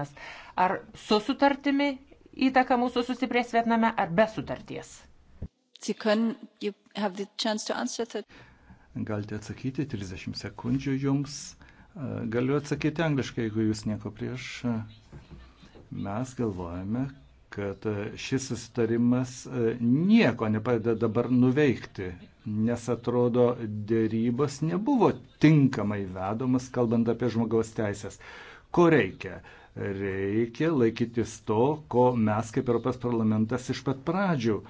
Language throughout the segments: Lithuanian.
klausimas. Ar su sutartimi įtaka mūsų sustiprės Vietname, ar be sutarties? Galite atsakyti, 30 sekundžių jums. Galiu atsakyti angliškai, jeigu jūs nieko prieš. Mes galvojame, kad šis susitarimas nieko nepadeda dabar nuveikti, nes atrodo dėrybos nebuvo tinkamai vedomas, kalbant apie žmogaus teisės. Ko reikia? Reikia laikytis to, ko mes kaip Europos parlamentas iš pat pradžių e,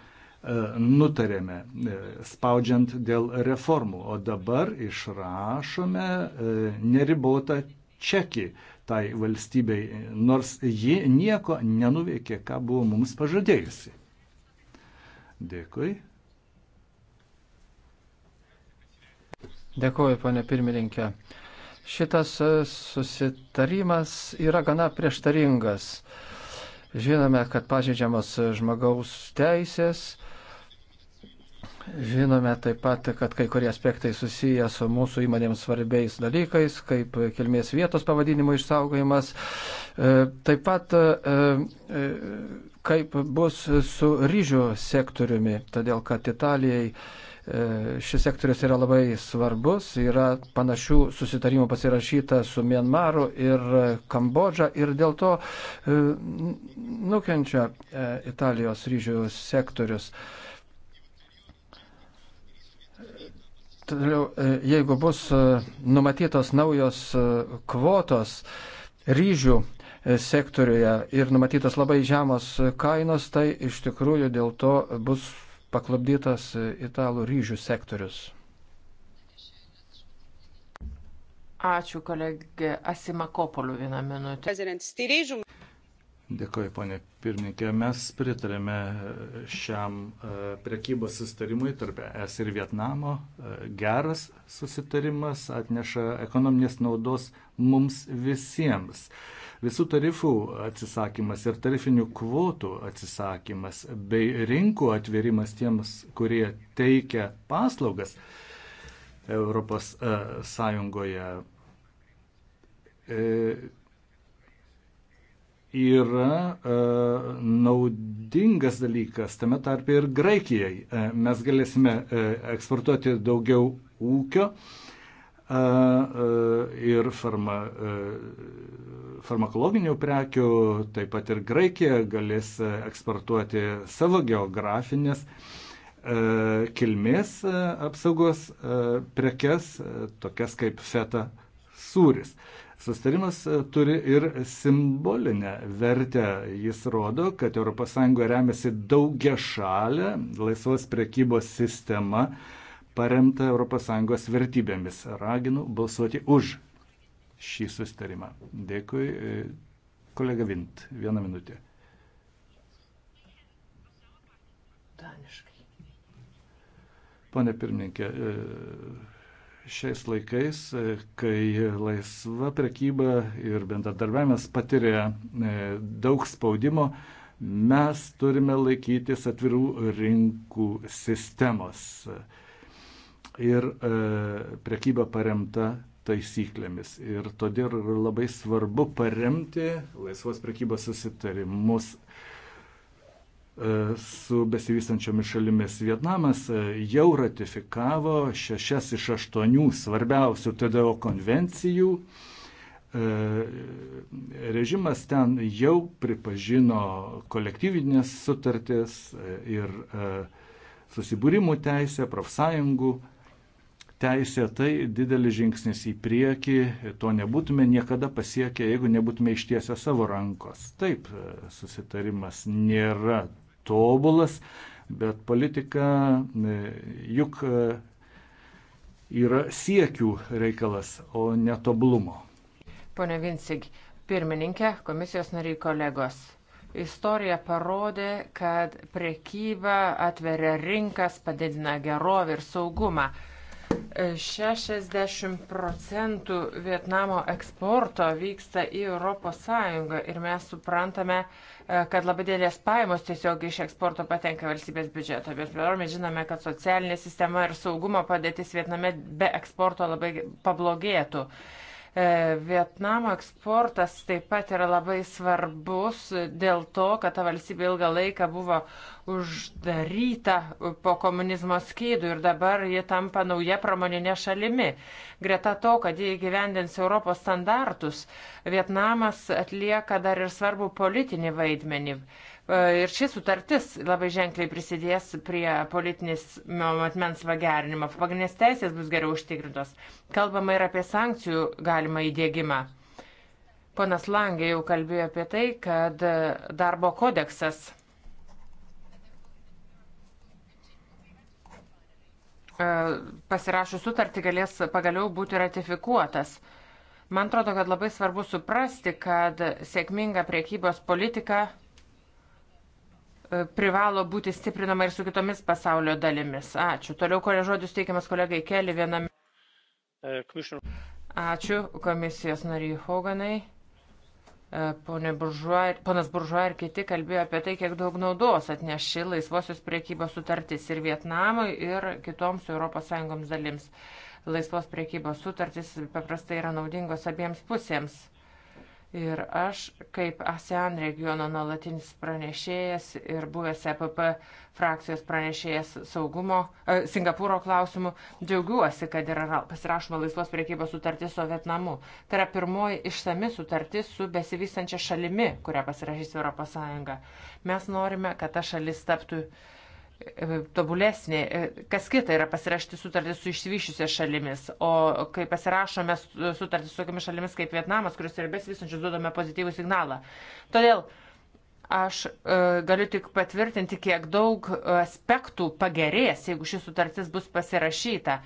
nutarėme, e, spaudžiant dėl reformų, o dabar išrašome e, neribotą čekį tai valstybei, nors ji nieko nenuveikė, ką buvo mums pažadėjusi. Dėkui. Dėkuoju, ponė pirmininkė. Šitas e, susitarimas yra gana prieštaringas. Žinome, kad pažeidžiamas e, žmogaus teisės, Žinome taip pat, kad kai kurie aspektai susiję su mūsų įmonėms svarbiais dalykais, kaip kilmės vietos pavadinimo išsaugojimas, e, taip pat kaip bus su ryžių sektoriumi, todėl kad Italijai E, šis sektorius yra labai svarbus, yra panašių susitarimų pasirašyta su Mienmaru ir Kambodža ir dėl to e, nukenčia e, Italijos ryžių sektorius. Toliau, jeigu bus numatytos naujos kvotos ryžių sektoriuje ir numatytos labai žemos kainos, tai iš tikrųjų dėl to bus paklubdytas italų ryžių sektorius. Ačiū, kolegė Asimakopoliu, vieną minutę. Tai Dėkuoju, ponė pirmininkė. Mes pritarėme šiam e, prekybos sustarimui tarp ES ir Vietnamo. E, geras susitarimas atneša ekonominės naudos mums visiems visų tarifų atsisakymas ir tarifinių kvotų atsisakymas bei rinkų atvėrimas tiems, kurie teikia paslaugas Europos e, Sąjungoje e, yra e, naudingas dalykas, tame tarpe ir Graikijai. E, mes galėsime e, eksportuoti daugiau ūkio e, e, ir farma, e, farmakologinių prekių, taip pat ir Graikija galės eksportuoti savo geografinės e, kilmės e, apsaugos e, prekes, tokias kaip feta sūris. Sustarimas turi ir simbolinę vertę. Jis rodo, kad ES remiasi daugia šalę laisvos prekybos sistema paremta ES vertybėmis. Raginu balsuoti už šį sustarimą. Dėkui. E, kolega Vint, vieną minutę. Daniškai. Pone pirmininkė, e, šiais laikais, e, kai laisva prekyba ir bendradarbiavimas patiria daug spaudimo, mes turime laikytis atvirų rinkų sistemos. Ir prekyba paremta taisyklėmis. Ir todėl labai svarbu paremti laisvos prekybos susitarimus e, su besivystančiomis šalimis. Vietnamas e, jau ratifikavo šešias iš aštuonių svarbiausių TDO konvencijų. E, režimas ten jau pripažino kolektyvinės sutartis ir susibūrimų teisę, profsąjungų teisė tai didelis žingsnis į priekį, to nebūtume niekada pasiekę, jeigu nebūtume ištiesę savo rankos. Taip, e, susitarimas nėra tobulas, bet politika e, juk e, yra siekių reikalas, o netobulumo. Pone Vincig, pirmininkė, komisijos nariai kolegos istorija parodė, kad priekyba atveria rinkas, padidina gerovę ir saugumą. 60 procentų Vietnamo eksporto vyksta į ES ir mes suprantame, e, kad labai dėlės pajamos tiesiog iš eksporto patenka valstybės biudžeto. Bet vėliau mes žinome, kad socialinė sistema ir saugumo padėtis Vietname be eksporto labai pablogėtų. E, Vietnamo eksportas taip pat yra labai svarbus dėl to, kad ta valstybė ilgą laiką buvo uždaryta po komunizmo skydų ir dabar ji tampa nauja pramoninė šalimi. Greta to, kad jie įgyvendins Europos standartus, Vietnamas atlieka dar ir svarbų politinį vaidmenį. E, ir ši sutartis labai ženkliai prisidės prie politinės matmens pagerinimo. Pagrindinės teisės bus geriau užtikrintos. Kalbama ir apie sankcijų galimą įdėgymą. Ponas Langė jau kalbėjo apie tai, kad darbo kodeksas e, pasirašus sutartį galės pagaliau būti ratifikuotas. Man atrodo, kad labai svarbu suprasti, kad sėkminga priekybos politika privalo būti stiprinama ir su kitomis pasaulio dalimis. Ačiū. Toliau kolegos žodis teikiamas kolegai Keli viename. Ačiū komisijos nariai Hoganai. E, Buržuo, ponas Buržuo ir kiti kalbėjo apie tai, kiek daug naudos atneš ši laisvosios priekybos sutartis ir Vietnamui, ir kitoms ES dalims. Laisvos priekybos sutartis paprastai yra naudingos abiems pusėms. Ir aš, kaip ASEAN regiono nuolatinis pranešėjas ir buvęs EPP frakcijos pranešėjas saugumo e, Singapūro klausimų, džiaugiuosi, kad yra pasirašoma laisvos priekybos sutartis su Vietnamu. Tai yra pirmoji išsami sutartis su besivystančia šalimi, kurią pasirašys ES. Mes norime, kad ta šalis taptų E, tobulesnė. E, kas kita yra pasirašyti sutartį su išsivyšiusia šalimis, o kai pasirašome sutartį su tokiamis šalimis kaip Vietnamas, kuris yra besivystančius, duodame pozityvų signalą. Todėl aš e, galiu tik patvirtinti, kiek daug aspektų pagerės, jeigu ši sutartis bus pasirašyta.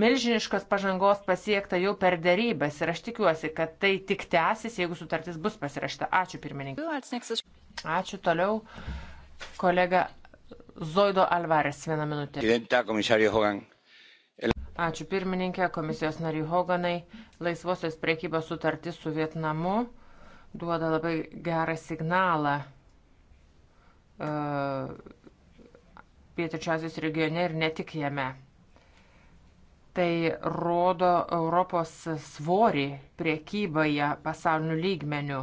Milžiniškos pažangos pasiekta jau per dėrybas ir aš tikiuosi, kad tai tik tęsis, jeigu sutartis bus pasirašyta. Ačiū pirmininkai. Ačiū toliau. Kolega Zoido Alvarės vieną minutę. Ačiū pirmininkė, komisijos nariai Hoganai. Laisvosios priekybos sutartis su Vietnamu duoda labai gerą signalą uh, e, pietričiausios regione ir ne tik jame. Tai rodo Europos svorį priekyboje pasaulinių lygmenių.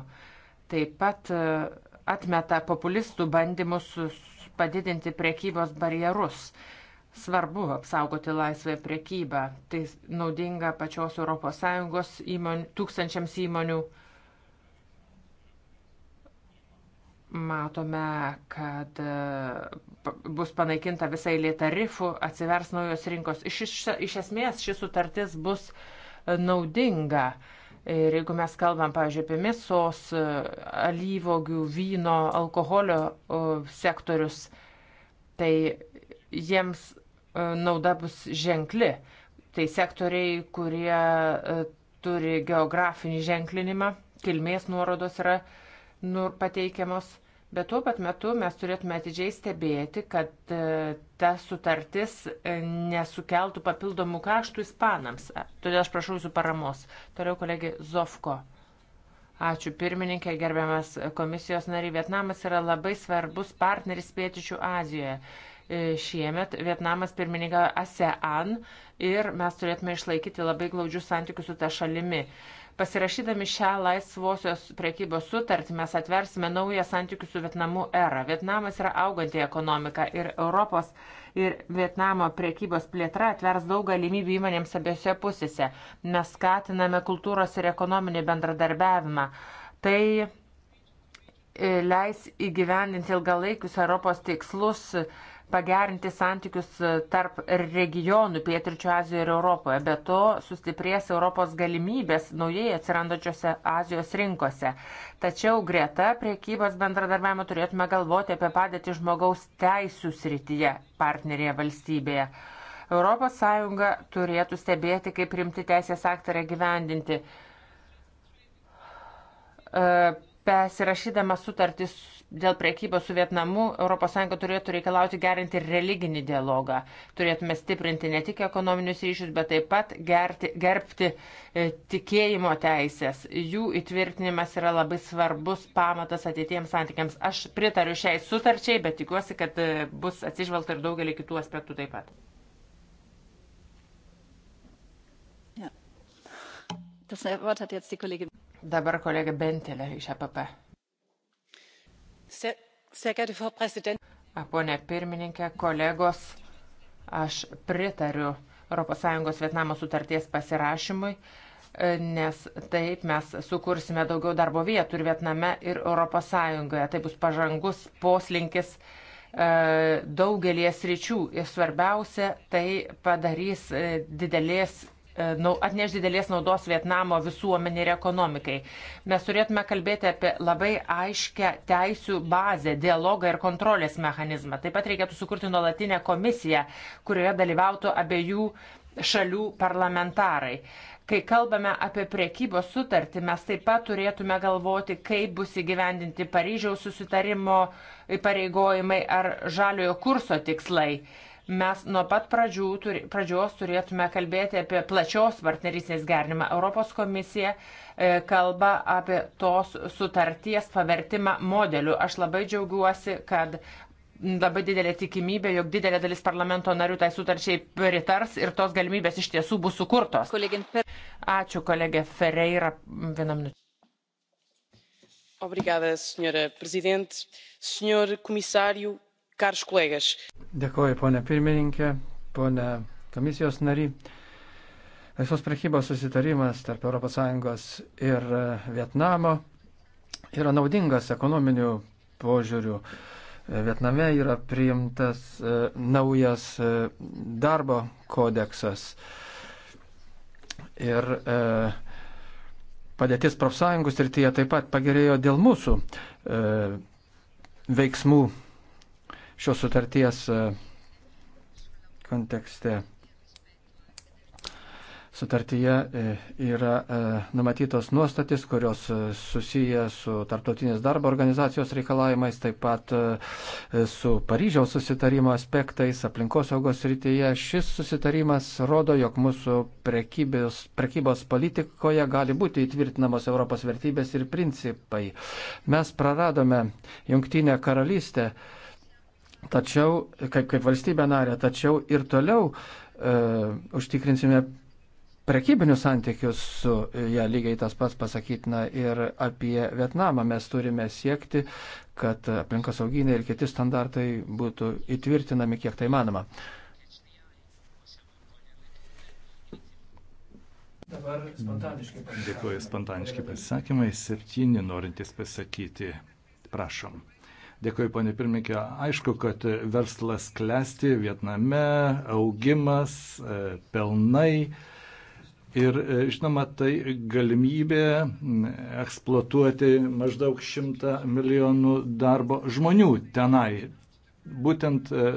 Taip pat uh, atmeta populistų bandymus padidinti prekybos barjerus. Svarbu apsaugoti laisvę priekybą. Tai naudinga pačios ES įmonių, tūkstančiams įmonių. Matome, kad e, bus panaikinta visai lė tarifų, atsivers naujos rinkos. Iš, iš, iš esmės ši sutartis bus e, naudinga uh, Ir jeigu mes kalbam, pavyzdžiui, apie mėsos, e, alyvogių, vyno, alkoholio sektorius, tai jiems e, nauda bus ženkli. Tai sektoriai, kurie e, turi geografinį ženklinimą, kilmės nuorodos yra nu, pateikiamos Bet tuo pat metu mes turėtume atidžiai stebėti, kad e, ta sutartis e, nesukeltų papildomų kaštų ispanams. Todėl aš prašau jūsų paramos. Toliau kolegė Zovko. Ačiū pirmininkė, gerbiamas komisijos nariai. Vietnamas yra labai svarbus partneris Pietričių Azijoje. E, šiemet Vietnamas pirmininką ASEAN ir mes turėtume išlaikyti labai glaudžius santykius su ta šalimi. Pasirašydami šią laisvosios priekybos sutartį mes atversime naują santykių su Vietnamu erą. Vietnamas yra auganti ekonomika ir Europos ir Vietnamo priekybos plėtra atvers daug galimybių įmonėms abiejose pusėse. Mes skatiname kultūros ir ekonominį bendradarbiavimą. Tai e, leis įgyvendinti ilgalaikius Europos tikslus pagerinti santykius e, tarp regionų Pietričio Azijoje ir Europoje. Be to sustiprės Europos galimybės naujai atsirandančiose Azijos rinkose. Tačiau greta priekybos bendradarbiavimo turėtume galvoti apie padėtį žmogaus teisų srityje partnerėje valstybėje. ES turėtų stebėti, kaip rimti teisės aktorę gyvendinti. E, Pesirašydama sutartį dėl priekybos su Vietnamu ES turėtų reikalauti gerinti ir religinį dialogą. Turėtume stiprinti ne tik ekonominius ryšius, bet taip pat gerti, gerbti e, tikėjimo teisės. Jų įtvirtinimas yra labai svarbus pamatas ateitiems santykiams. Aš pritariu šiai sutarčiai, bet tikiuosi, kad e, bus atsižvelgta ir daugelį kitų aspektų taip pat. Ja. Das Wort hat jetzt die Kollegin. Dabar kolega Bentelė iš APP. Pone pirmininkė, kolegos, aš pritariu ES Vietnamo sutarties pasirašymui, e, nes taip mes sukursime daugiau darbo vietų ir Vietname, ir ES. Tai bus pažangus poslinkis e, daugelie sričių ir svarbiausia, tai padarys e, didelės E, atneš didelės naudos Vietnamo visuomenė ir ekonomikai. Mes turėtume kalbėti apie labai aiškę teisų bazę, dialogą ir kontrolės mechanizmą. Taip pat reikėtų sukurti nuolatinę komisiją, kurioje dalyvautų abiejų šalių parlamentarai. Kai kalbame apie priekybos sutartį, mes taip pat turėtume galvoti, kaip bus įgyvendinti Paryžiaus susitarimo įpareigojimai ar žaliojo kurso tikslai mes nuo pat pradžių, turi, pradžios turėtume kalbėti apie plačios partnerystės gerinimą. Europos komisija e, kalba apie tos sutarties pavertimą modeliu. Aš labai džiaugiuosi, kad labai didelė tikimybė, jog didelė dalis parlamento narių tai sutarčiai pritars ir tos galimybės iš tiesų bus sukurtos. Ačiū, kolegė Ferreira. Vieną minutę. Obrigada, senhora Presidente. Senhor Comissário, karš kolegas. Dėkuoju, ponė pirmininkė, ponė komisijos nari. Laisvos prekybos susitarimas tarp ES ir e, Vietnamo yra naudingas ekonominių požiūrių. E, Vietname yra priimtas e, naujas darbo kodeksas. Ir e, padėtis profsąjungų srityje taip pat pagerėjo dėl mūsų e, veiksmų šios sutarties e, kontekste. Sutartyje e, yra e, numatytos nuostatys, kurios susiję su tarptautinės darbo organizacijos reikalavimais, taip pat su Paryžiaus susitarimo aspektais aplinkosaugos rytyje. Šis susitarimas rodo, jog mūsų prekybės, prekybos politikoje gali būti įtvirtinamos Europos vertybės ir principai. Mes praradome Junktinę karalystę tačiau, kaip, kaip valstybė narė, tačiau ir toliau e, užtikrinsime prekybinius santykius su ją ja, lygiai tas pats pasakytina ir apie Vietnamą. Mes turime siekti, kad aplinkosauginiai ir kiti standartai būtų įtvirtinami kiek tai manoma. Dabar spontaniškai pasisakymai. Dėkuoju spontaniškai pasisakymai. Septyni norintys pasakyti. Prašom. Dėkuoju, ponė pirmininkė. Aišku, kad verslas klesti Vietname, augimas, e, pelnai. Ir e, žinoma, tai galimybė eksploatuoti maždaug šimtą milijonų darbo žmonių tenai. Būtent e,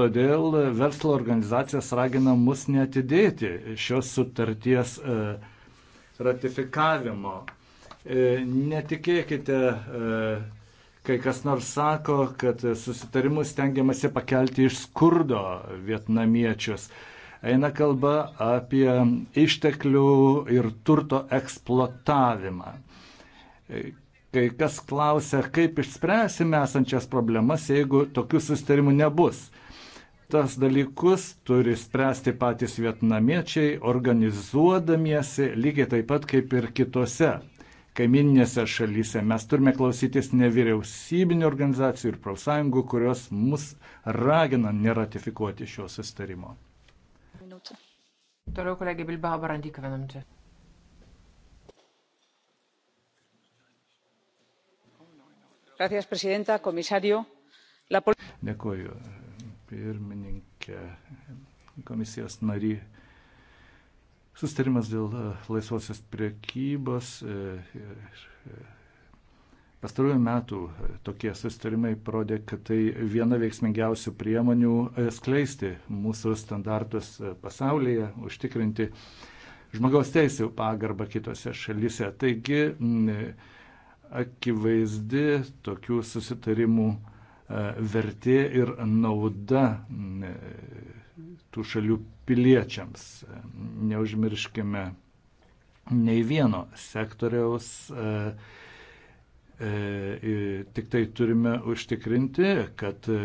todėl verslo organizacijas ragina mus netidėti šios sutarties ratifikavimo. Netikėkite kai kas nors sako, kad susitarimus tengiamasi pakelti iš skurdo vietnamiečius. Eina kalba apie išteklių ir turto eksploatavimą. Kai kas klausia, kaip išspręsime esančias problemas, jeigu tokių susitarimų nebus. Tas dalykus turi spręsti patys vietnamiečiai, organizuodamiesi lygiai taip pat kaip ir kitose kaimininėse šalyse. Mes turime klausytis nevyriausybinių organizacijų ir profsąjungų, kurios mus ragina neratifikuoti šio sustarimo. Minutė. Toliau kolegė Bilbao Barandyka vieną minutę. Gracias, presidenta, komisario. La... Dėkuoju, pirmininkė, komisijos nariai Sustarimas dėl e, laisvosios priekybos. E, e, pastarųjų metų tokie sustarimai parodė, kad tai viena veiksmingiausių priemonių skleisti mūsų standartus pasaulyje, užtikrinti žmogaus teisėjų pagarbą kitose šalise. Taigi, akivaizdi tokių susitarimų vertė ir nauda tų šalių piliečiams. Neužmirškime nei vieno sektoriaus, e, e, tik tai turime užtikrinti, kad e,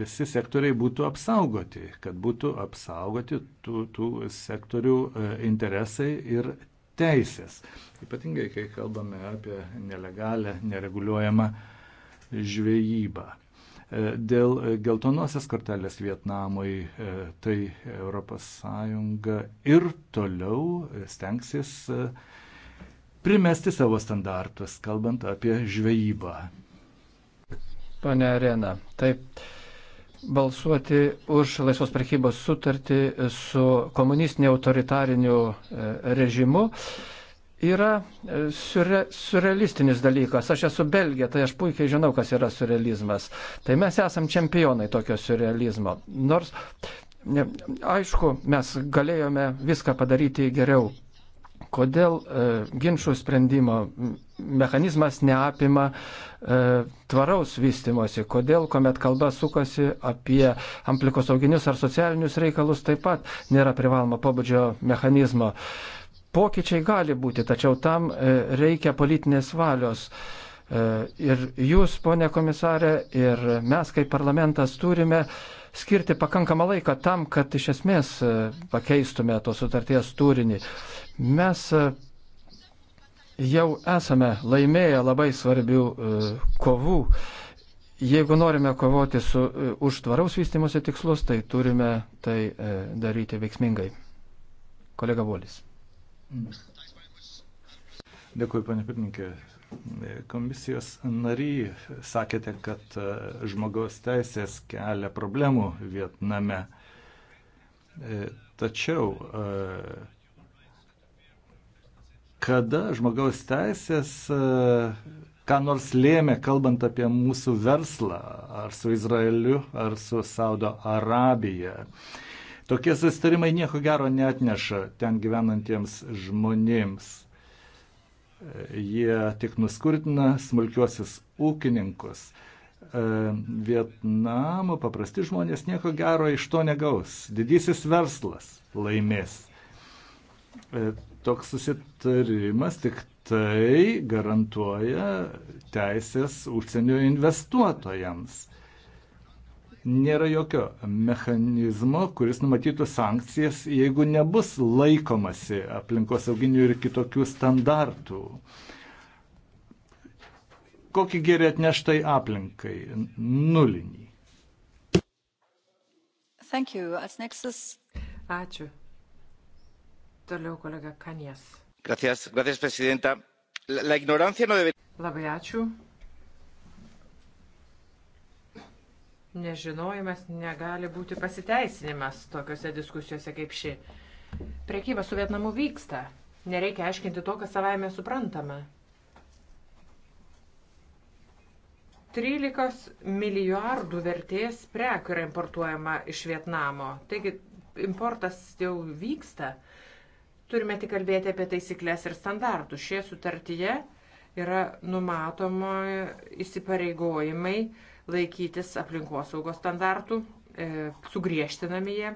visi sektoriai būtų apsaugoti, kad būtų apsaugoti tų, tų sektorių interesai ir teisės. Ypatingai, kai kalbame apie nelegalę, nereguliuojamą žvejybą. E, dėl e, geltonosios kortelės Vietnamui, e, tai ES ir toliau stengsis primesti savo standartus, kalbant apie žvejybą. Pane Arena, taip balsuoti už laisvos prekybos sutartį su komunistiniu autoritariniu režimu yra e, surre, surrealistinis dalykas. Aš esu belgė, tai aš puikiai žinau, kas yra surrealizmas. Tai mes esam čempionai tokio surrealizmo. Nors, aišku, mes galėjome viską padaryti geriau. Kodėl e, ginčių sprendimo mechanizmas neapima e, tvaraus vystimosi? Kodėl, kuomet kalba sukasi apie aplikosauginius ar socialinius reikalus, taip pat nėra privaloma pobūdžio mechanizmo? E, Pokyčiai gali būti, tačiau tam e, reikia politinės valios. E, ir jūs, ponė komisarė, ir mes kaip parlamentas turime skirti pakankamą laiką tam, kad iš esmės e, pakeistume tos sutarties turinį. Mes jau esame laimėję labai svarbių kovų. Jeigu norime kovoti su užtvaraus vystimuose tikslus, tai turime tai daryti veiksmingai. Kolega Volis. Dėkui, panė pirmininkė. Komisijos nary sakėte, kad e, žmogaus teisės kelia problemų Vietname. E, tačiau e, kada žmogaus teisės ką nors lėmė, kalbant apie mūsų verslą, ar su Izraeliu, ar su Saudo Arabija. E, Tokie sustarimai nieko gero neatneša ten gyvenantiems žmonėms. Jie tik nuskurtina smulkiuosius ūkininkus. E, Vietnamo paprasti žmonės nieko gero iš to negaus. Didysis verslas laimės. E, toks susitarimas tik tai garantuoja teisės užsienio investuotojams nėra jokio mechanizmo, kuris numatytų sankcijas, jeigu nebus laikomasi aplinkosauginių ir kitokių standartų. Kokį gėrį atneštai aplinkai? Nulinį. Ačiū. Toliau kolega Kanijas. Gracias, gracias, presidenta. La ignorancia no debe. Labai ačiū. Nežinojimas negali būti pasiteisinimas tokiuose diskusijose kaip ši. Prekyba su Vietnamu vyksta. Nereikia aiškinti to, kas savaime suprantama. 13 milijardų vertės prekių yra importuojama iš Vietnamo. Taigi importas jau vyksta. Turime tik kalbėti apie taisyklės ir standartus. Šie sutartyje yra numatomo įsipareigojimai laikytis aplinkosaugos standartų, e, sugriežtinami jie.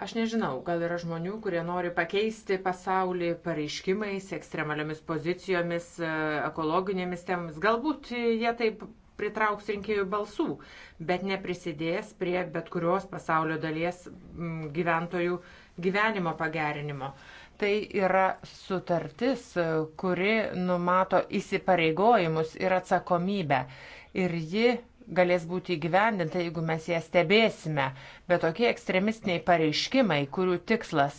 Aš nežinau, gal yra žmonių, kurie nori pakeisti pasaulį pareiškimais, ekstremaliomis pozicijomis, e, ekologinėmis temomis. Galbūt jie taip pritrauks rinkėjų balsų, bet neprisidės prie bet kurios pasaulio dalies gyventojų gyvenimo pagerinimo. E, Tai yra sutartis, kuri numato įsipareigojimus ir atsakomybę. Ir ji galės būti įgyvendinta, jeigu mes ją stebėsime. Bet tokie ekstremistiniai pareiškimai, kurių tikslas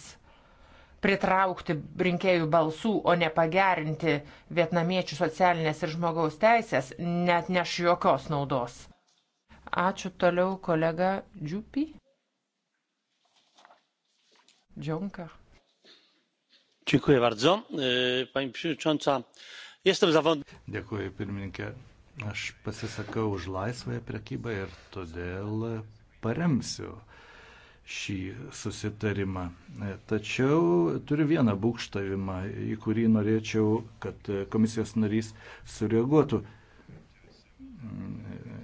pritraukti rinkėjų balsų, o ne pagerinti vietnamiečių socialinės ir žmogaus teisės, net neš jokios naudos. Ačiū toliau kolega Džiupi. Džionka. Dėkuoju, e, pirmininkė. Aš pasisakau už laisvąją prekybą ir todėl paremsiu šį susitarimą. E, tačiau turiu vieną būkštavimą, į kurį norėčiau, kad komisijos narys sureaguotų. Mm,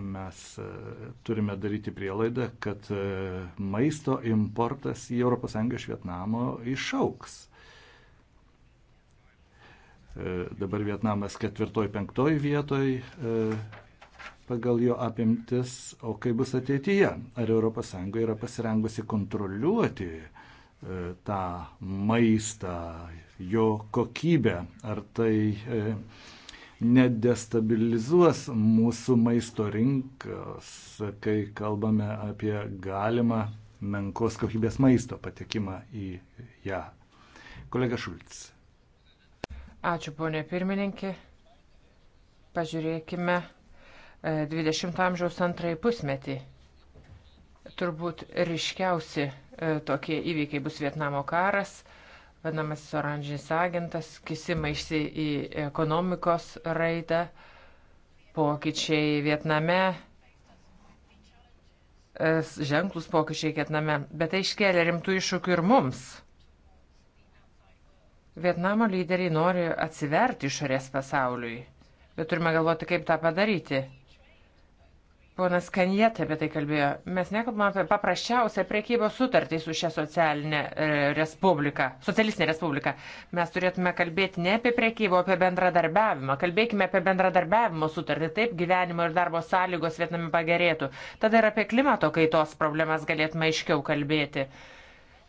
mes e, turime daryti prielaidą, kad e, maisto importas į ES iš Vietnamo išauks. E, dabar Vietnamas ketvirtoj, penktoj vietoj pagal jo apimtis, o kaip bus ateityje? Ar ES yra pasirengusi kontroliuoti tą maistą, jo kokybę, ar tai nedestabilizuos mūsų maisto rinkos, kai kalbame apie galimą menkos kokybės maisto patekimą į ją. Kolega Šulc. Ačiū, ponė pirmininkė. Pažiūrėkime 20 e, amžiaus antrąjį pusmetį. Turbūt ryškiausi e, tokie įvykiai bus Vietnamo karas, vadinamasis oranžinis agentas, kisimaišsi į ekonomikos raidą, pokyčiai Vietname, e, ženklus pokyčiai Vietname, bet tai iškelia rimtų iššūkių ir mums. Vietnamo lyderiai nori atsiverti išorės pasauliui, bet turime galvoti, kaip tą padaryti. Ponas Kanjet apie tai kalbėjo. Mes nekalbame apie paprasčiausią priekybos sutartį su šia socialinė e, respublika, socialistinė respublika. Mes turėtume kalbėti ne apie priekybą, o apie bendradarbiavimą. Kalbėkime apie bendradarbiavimo sutartį, taip gyvenimo ir darbo sąlygos vietnami pagerėtų. Tada ir apie klimato kaitos problemas galėtume aiškiau kalbėti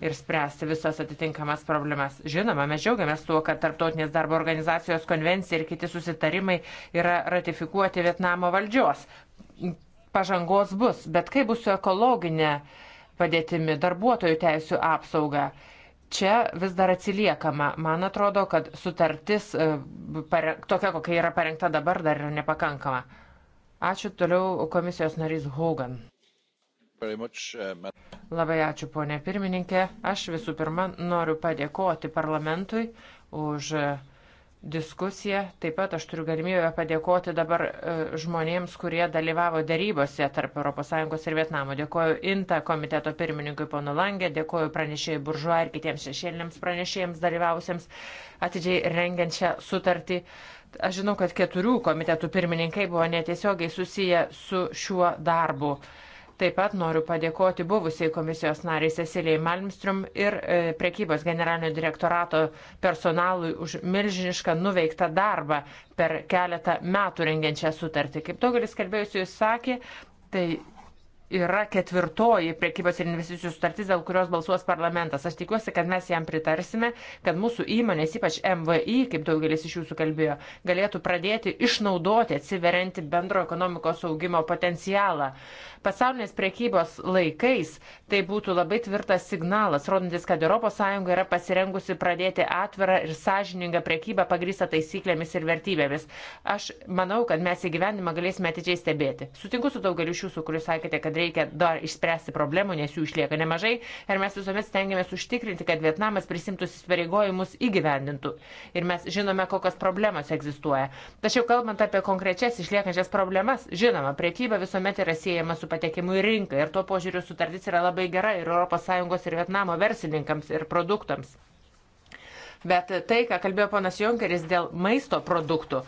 ir spręsti visas atitinkamas problemas. Žinoma, mes džiaugiamės tuo, kad Tarptautinės darbo organizacijos konvencija ir kiti susitarimai yra ratifikuoti Vietnamo valdžios pažangos bus, bet kaip bus su ekologinė padėtimi, darbuotojų teisų apsauga. Čia vis dar atsiliekama. Man atrodo, kad sutartis e, tokia, kokia yra parengta dabar, dar yra nepakankama. Ačiū toliau komisijos narys Hogan. Uh, Labai ačiū, ponė pirmininkė. Aš visų pirma noriu padėkoti parlamentui už uh, diskusiją. Taip pat aš turiu galimybę padėkoti dabar e, žmonėms, kurie dalyvavo darybose tarp ES ir Vietnamo. Dėkoju INTA komiteto pirmininkui Pono Langė, dėkoju pranešėjai Buržuo ir kitiems šešėliniams pranešėjams dalyvausiems atidžiai rengiant šią sutartį. Aš žinau, kad keturių komitetų pirmininkai buvo netiesiogiai susiję su šiuo darbu. Taip pat noriu padėkoti buvusiai komisijos nariai Cecilijai Malmström ir e, prekybos generalinio direktorato personalui už milžinišką nuveiktą darbą per keletą metų rengiančią sutartį. Kaip daugelis kalbėjusių jūs sakė, tai yra ketvirtoji priekybos ir investicijų sutartis, dėl kurios balsuos parlamentas. Aš tikiuosi, kad mes jam pritarsime, kad mūsų įmonės, ypač MVI, kaip daugelis iš jūsų kalbėjo, galėtų pradėti išnaudoti atsiverinti bendro ekonomikos augimo potencialą. Pasaulinės priekybos laikais tai būtų labai tvirtas signalas, rodantis, kad ES yra pasirengusi pradėti atvirą ir sąžiningą priekybą pagrįstą taisyklėmis ir vertybėmis. Aš manau, kad mes įgyvendimą galėsime atidžiai stebėti. Sutinku su daugeliu iš jūsų, kuris sakėte, kad reikia reikia dar išspręsti problemų, nes jų išlieka nemažai. Ir mes visuomet stengiamės užtikrinti, kad Vietnamas prisimtų įsipareigojimus įgyvendintų. Ir mes žinome, kokios problemos egzistuoja. Tačiau kalbant apie konkrečias išliekančias problemas, žinoma, priekyba visuomet yra siejama su patekimu į rinką. Ir tuo požiūriu sutartis yra labai gera ir ES ir Vietnamo verslininkams ir produktams. Bet tai, ką kalbėjo ponas Junkeris dėl maisto produktų,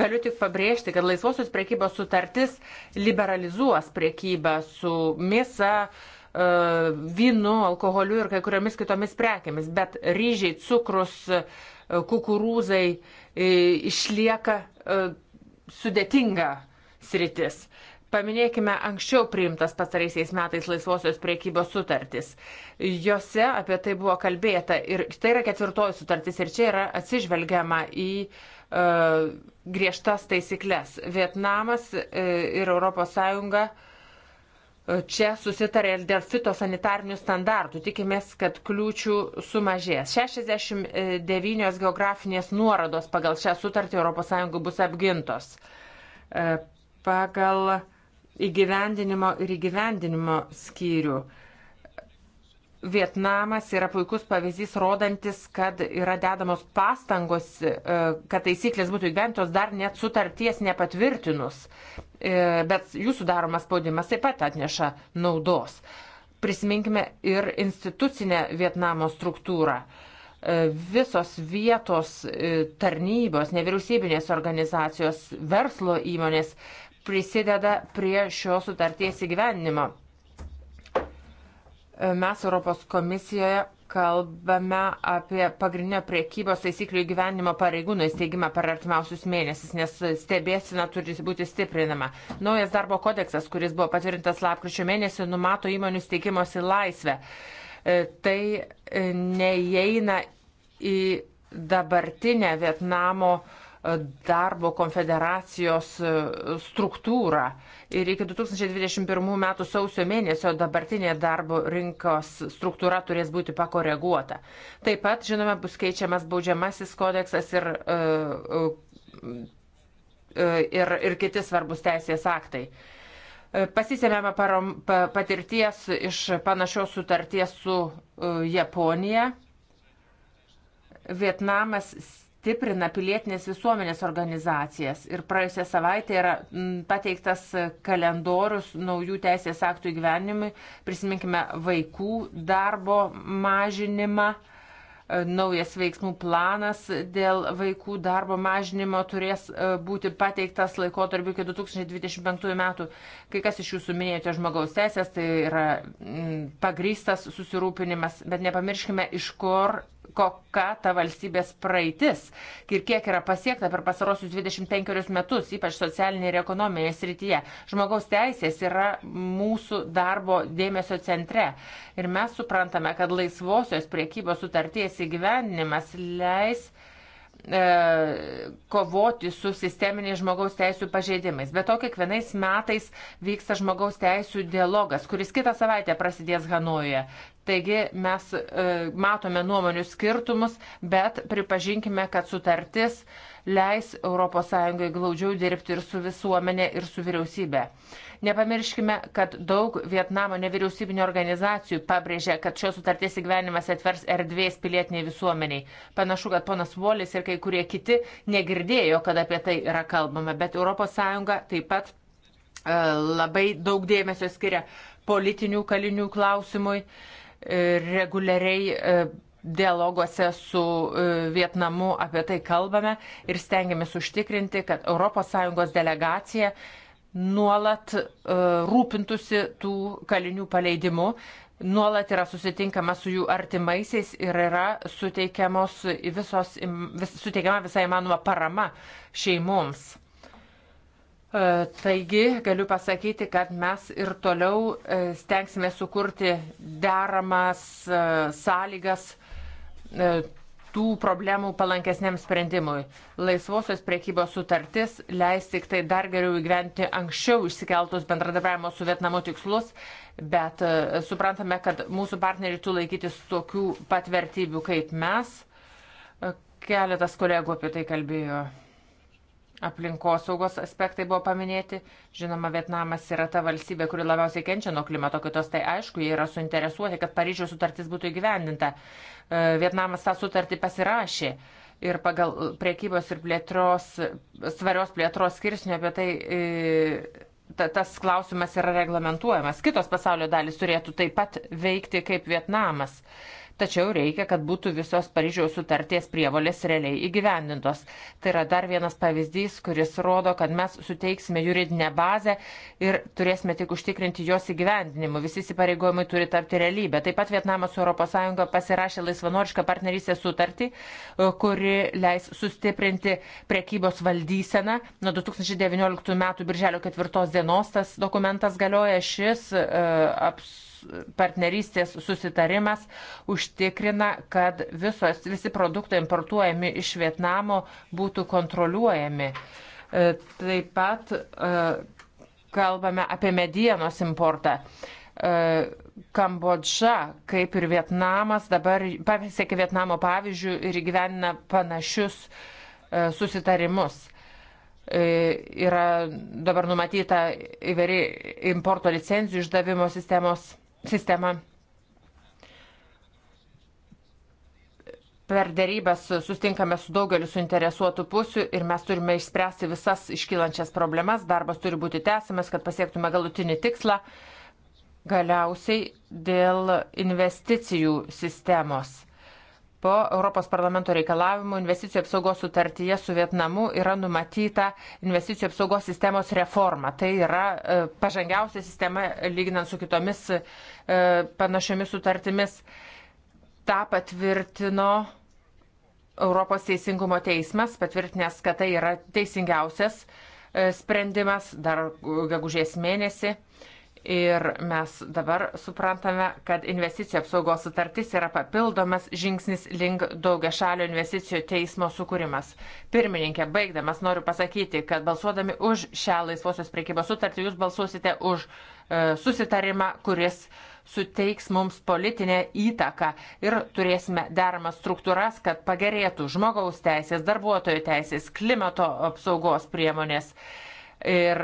galiu tik pabrėžti, kad laisvosios priekybos sutartis liberalizuos priekybą su mėsa, e, vynu, alkoholiu ir kai kuriomis kitomis prekėmis, bet ryžiai, cukrus, e, kukurūzai e, išlieka sudėtinga sritis. Paminėkime anksčiau priimtas pastaraisiais metais laisvosios priekybos sutartis. Jose apie tai buvo kalbėta ir tai yra ketvirtoji sutartis ir čia yra atsižvelgiama į uh, griežtas taisyklės. Vietnamas uh, ir ES uh, e, čia susitarė dėl fitosanitarnių standartų. Tikimės, kad kliūčių sumažės. 69 geografinės nuorodos pagal šią sutartį ES bus apgintos. Uh, pagal uh, įgyvendinimo ir įgyvendinimo skyrių. Vietnamas yra puikus pavyzdys, rodantis, kad yra dedamos pastangos, e, kad taisyklės būtų įgyventos dar net sutarties nepatvirtinus. E, bet jūsų daromas spaudimas taip pat atneša naudos. Prisiminkime ir institucinę Vietnamo struktūrą. E, visos vietos tarnybos, nevyriausybinės organizacijos, verslo įmonės prisideda prie šios sutarties įgyvenimo. Mes Europos komisijoje kalbame apie pagrindinio priekybos taisyklių įgyvenimo pareigūnų įsteigimą per artimiausius mėnesius, nes stebėsina turi būti stiprinama. Naujas darbo kodeksas, kuris buvo patvirtintas lapkričio mėnesį, numato įmonių steigimosi laisvę. E, tai e, neįeina į dabartinę Vietnamo uh, darbo konfederacijos e, struktūrą. Ir iki 2021 m. sausio mėnesio dabartinė darbo rinkos struktūra turės būti pakoreguota. Taip pat, žinome, bus keičiamas baudžiamasis kodeksas ir, e, e, ir, ir kiti svarbus teisės aktai. Pasisėmėme patirties iš panašios sutarties su Japonija. Vietnamas stiprina pilietinės visuomenės organizacijas. Ir praėjusią savaitę yra pateiktas kalendorius naujų teisės aktų įgyvenimui. Prisiminkime vaikų darbo mažinimą. E, naujas veiksmų planas dėl vaikų darbo mažinimo turės e, būti pateiktas laikotarpiu iki 2025 metų. Kai kas iš jūsų minėjote žmogaus teisės, tai yra pagrystas susirūpinimas, bet nepamirškime, iš kur kokia ta valstybės praeitis ir kiek yra pasiekta per pasarosius 25 metus, ypač socialinėje ir ekonominėje srityje. Žmogaus teisės yra mūsų darbo dėmesio centre. Ir mes suprantame, kad laisvosios priekybos sutarties įgyvendinimas leis E, kovoti su sisteminiais žmogaus teisų pažeidimais. Be to, kiekvienais metais vyksta žmogaus teisų dialogas, kuris kitą savaitę prasidės Hanojuje. Taigi mes e, matome nuomonių skirtumus, bet pripažinkime, kad sutartis leis ES glaudžiau dirbti ir su visuomenė, ir su vyriausybė. E, Nepamirškime, kad daug Vietnamo nevyriausybinio organizacijų pabrėžia, kad šios sutarties įgyvenimas atvers erdvės pilietiniai visuomeniai. Panašu, kad ponas Volis ir kai kurie kiti negirdėjo, kad apie tai yra kalbama, bet ES taip pat e, labai daug dėmesio skiria politinių kalinių klausimui, e, reguliariai e, dialoguose su Vietnamu apie tai kalbame ir stengiamės užtikrinti, kad ES delegacija nuolat e, rūpintusi tų kalinių paleidimu, nuolat yra susitinkama su jų artimaisiais ir yra suteikiamos visos, vis, suteikiama visai manoma parama šeimoms. E, taigi galiu pasakyti, kad mes ir toliau e, stengsime sukurti deramas sąlygas tų problemų palankesniam sprendimui. Laisvosios priekybos sutartis leis tik tai dar geriau įgyventi anksčiau išsikeltus bendradarbiavimo su Vietnamu tikslus, bet e, suprantame, kad mūsų partneriai turi laikytis tokių pat vertybių kaip mes. E, keletas kolegų apie tai kalbėjo aplinkosaugos aspektai buvo paminėti. Žinoma, Vietnamas yra ta valstybė, kuri labiausiai kenčia nuo klimato kaitos, tai aišku, jie yra suinteresuoti, kad Paryžiaus sutartis būtų įgyvendinta. E, Vietnamas tą sutartį pasirašė ir pagal priekybos ir plėtros, svarios plėtros skirsnio apie tai. E, ta, tas klausimas yra reglamentuojamas. Kitos pasaulio dalys turėtų taip pat veikti kaip Vietnamas. Uh, tačiau reikia, kad būtų visos Paryžiaus sutarties prievolės realiai įgyvendintos. Tai yra dar vienas pavyzdys, kuris rodo, kad mes suteiksime juridinę bazę ir turėsime tik užtikrinti jos įgyvendinimu. Visi įsipareigojimai turi tapti realybę. Taip pat Vietnamas su ES pasirašė laisvanorišką partnerystės sutartį, e, kuri leis sustiprinti prekybos valdyseną. Nuo 2019 m. birželio 4 dienos tas dokumentas galioja šis uh, e, apsaugimas partnerystės susitarimas užtikrina, kad visos, visi produktai importuojami iš Vietnamo būtų kontroliuojami. E, taip pat e, kalbame apie medienos importą. E, Kambodža, kaip ir Vietnamas, dabar pasiekė Vietnamo pavyzdžių ir įgyvenina panašius susitarimus yra dabar numatyta įvairi importo licenzijų išdavimo sistemos sistemą. Per dėrybęs sustinkame su daugeliu suinteresuotų pusių ir mes turime išspręsti visas iškylančias problemas. Darbas turi būti tęsiamas, kad pasiektume galutinį tikslą. Galiausiai dėl investicijų sistemos po Europos parlamento reikalavimų investicijų apsaugos sutartyje su Vietnamu yra numatyta investicijų apsaugos sistemos reforma. Tai yra e, pažangiausia sistema lyginant su kitomis e, panašiomis sutartimis. Ta patvirtino Europos teisingumo teismas, patvirtinęs, kad tai yra teisingiausias e, sprendimas dar gegužės mėnesį. Ir mes dabar suprantame, kad investicijų apsaugos sutartis yra papildomas žingsnis link daugia šalio investicijų teismo sukūrimas. Pirmininkė, baigdamas noriu pasakyti, kad balsuodami už šią laisvosios priekybos sutartį jūs balsuosite už e, susitarimą, kuris suteiks mums politinę įtaką ir turėsime deramas struktūras, kad pagerėtų žmogaus teisės, darbuotojų teisės, klimato apsaugos priemonės. E, ir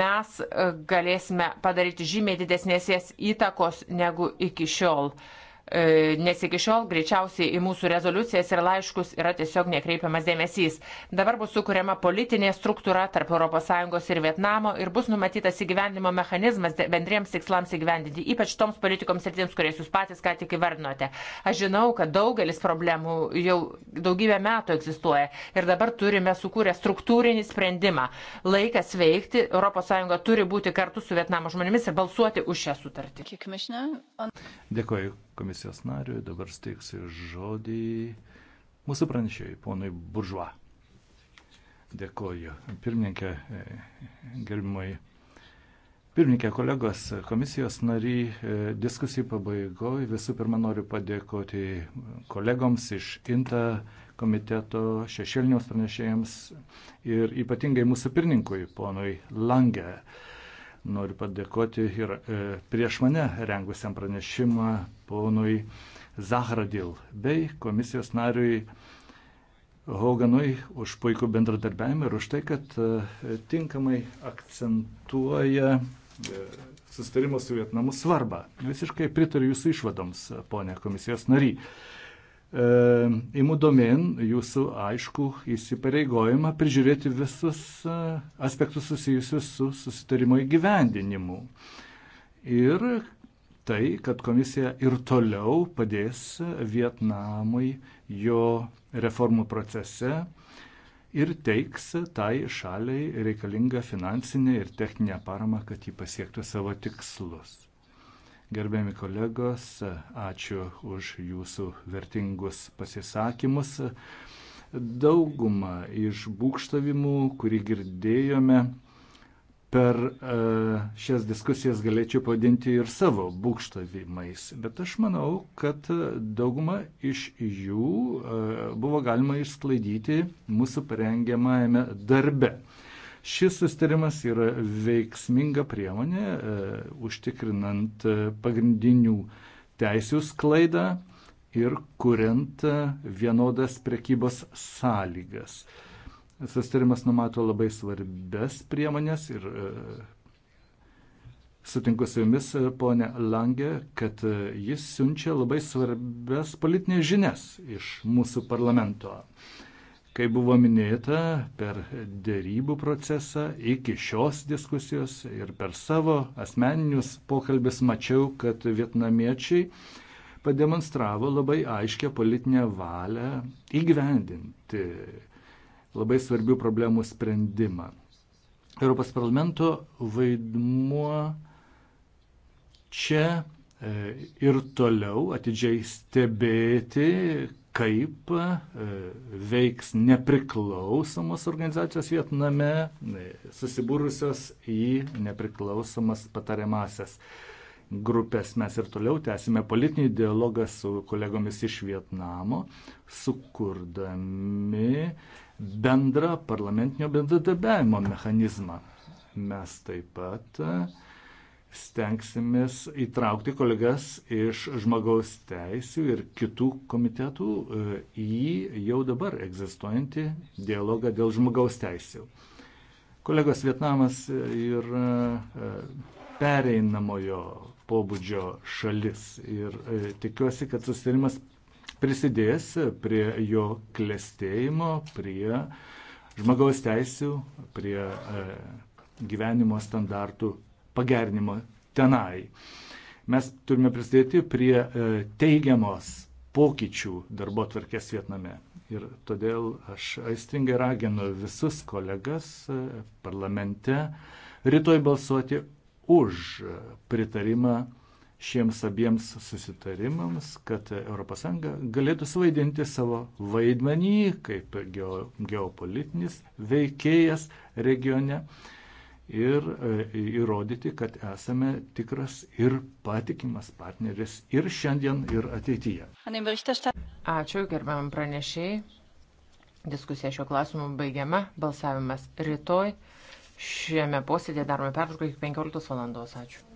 mes e, galėsime padaryti žymiai didesnės jas įtakos negu iki šiol. Uh, E, nes iki šiol greičiausiai į mūsų rezoliucijas ir laiškus yra tiesiog nekreipiamas dėmesys. Dabar bus sukuriama politinė struktūra tarp ES ir Vietnamo ir bus numatytas įgyvendimo mechanizmas bendriems tikslams įgyvendinti, ypač toms politikoms ir tiems, kuriais jūs patys ką tik įvardinote. Aš žinau, kad daugelis problemų jau daugybę metų egzistuoja ir dabar turime sukūrę struktūrinį sprendimą. Laikas veikti, ES turi būti kartu su Vietnamo žmonėmis ir balsuoti už šią sutartį. Dėkuoju komisijos nariui. Dabar steiksiu žodį mūsų pranešėjai, ponui Buržuo. Dėkoju. Pirmininkė, gerbimai. Pirmininkė, kolegos, komisijos nariai, diskusijų pabaigoje visų pirma noriu padėkoti kolegoms iš INTA komiteto šešėliniams pranešėjams ir ypatingai mūsų pirmininkui, ponui Lange. Noriu padėkoti ir e, prieš mane rengusiam pranešimą ponui Zahradil bei komisijos nariui Hoganui už puikų bendradarbiavimą ir už tai, kad e, tinkamai akcentuoja e, sustarimo su Vietnamu svarbą. Visiškai pritariu jūsų išvadoms, e, ponė komisijos nary. E, E, imu domen jūsų aišku įsipareigojimą prižiūrėti visus e, aspektus susijusius su susitarimo įgyvendinimu. Ir tai, kad komisija ir toliau padės Vietnamui jo reformų procese ir teiks tai šaliai reikalingą finansinę ir techninę paramą, kad jį pasiektų savo tikslus. Gerbėmi kolegos, ačiū už jūsų vertingus pasisakymus. Daugumą iš būkštavimų, kurį girdėjome, per e, šias diskusijas galėčiau pavadinti ir savo būkštavimais, bet aš manau, kad daugumą iš jų e, buvo galima išsklaidyti mūsų parengiamajame darbe. Šis sustarimas yra veiksminga priemonė e, užtikrinant e, pagrindinių teisių sklaidą ir kuriant e, vienodas prekybos sąlygas. Sustarimas numato labai svarbes priemonės ir sutinku su jumis, ponė Langė, kad jis siunčia labai svarbes politinės žinias iš mūsų parlamento. Kai buvo minėta per dėrybų procesą iki šios diskusijos ir per savo asmeninius pokalbis mačiau, kad vietnamiečiai pademonstravo labai aiškę politinę valią įgyvendinti labai svarbių problemų sprendimą. Europos parlamento vaidmuo čia e, ir toliau atidžiai stebėti, kaip e, veiks nepriklausomos organizacijos Vietname, e, susibūrusios į nepriklausomas patariamasias grupės. Mes ir toliau tęsime politinį dialogą su kolegomis iš Vietnamo, sukurdami bendrą parlamentinio bendradarbiavimo mechanizmą. Mes taip pat uh, stengsimės įtraukti kolegas iš žmogaus teisų ir kitų komitetų e, į jau dabar egzistuojantį dialogą dėl žmogaus teisų. Kolegos Vietnamas yra e, pereinamojo pobūdžio šalis ir e, tikiuosi, kad susitarimas prisidės prie jo klestėjimo, prie žmogaus teisų, prie gyvenimo standartų pagernimo tenai. Mes turime prisidėti prie e, teigiamos pokyčių darbo tvarkės Vietname. Ir todėl aš aistringai raginu visus kolegas e, parlamente rytoj balsuoti už pritarimą šiems abiems susitarimams, kad ES galėtų suvaidinti savo vaidmenį kaip geopolitinis veikėjas regione ir e, įrodyti, kad esame tikras ir patikimas partneris ir šiandien, ir ateityje. Ačiū, gerbiam pranešėjai. Diskusija šiuo klausimu baigiama. Balsavimas rytoj. Šiame posėdėje darome pertrauką iki 15 valandos. Ačiū.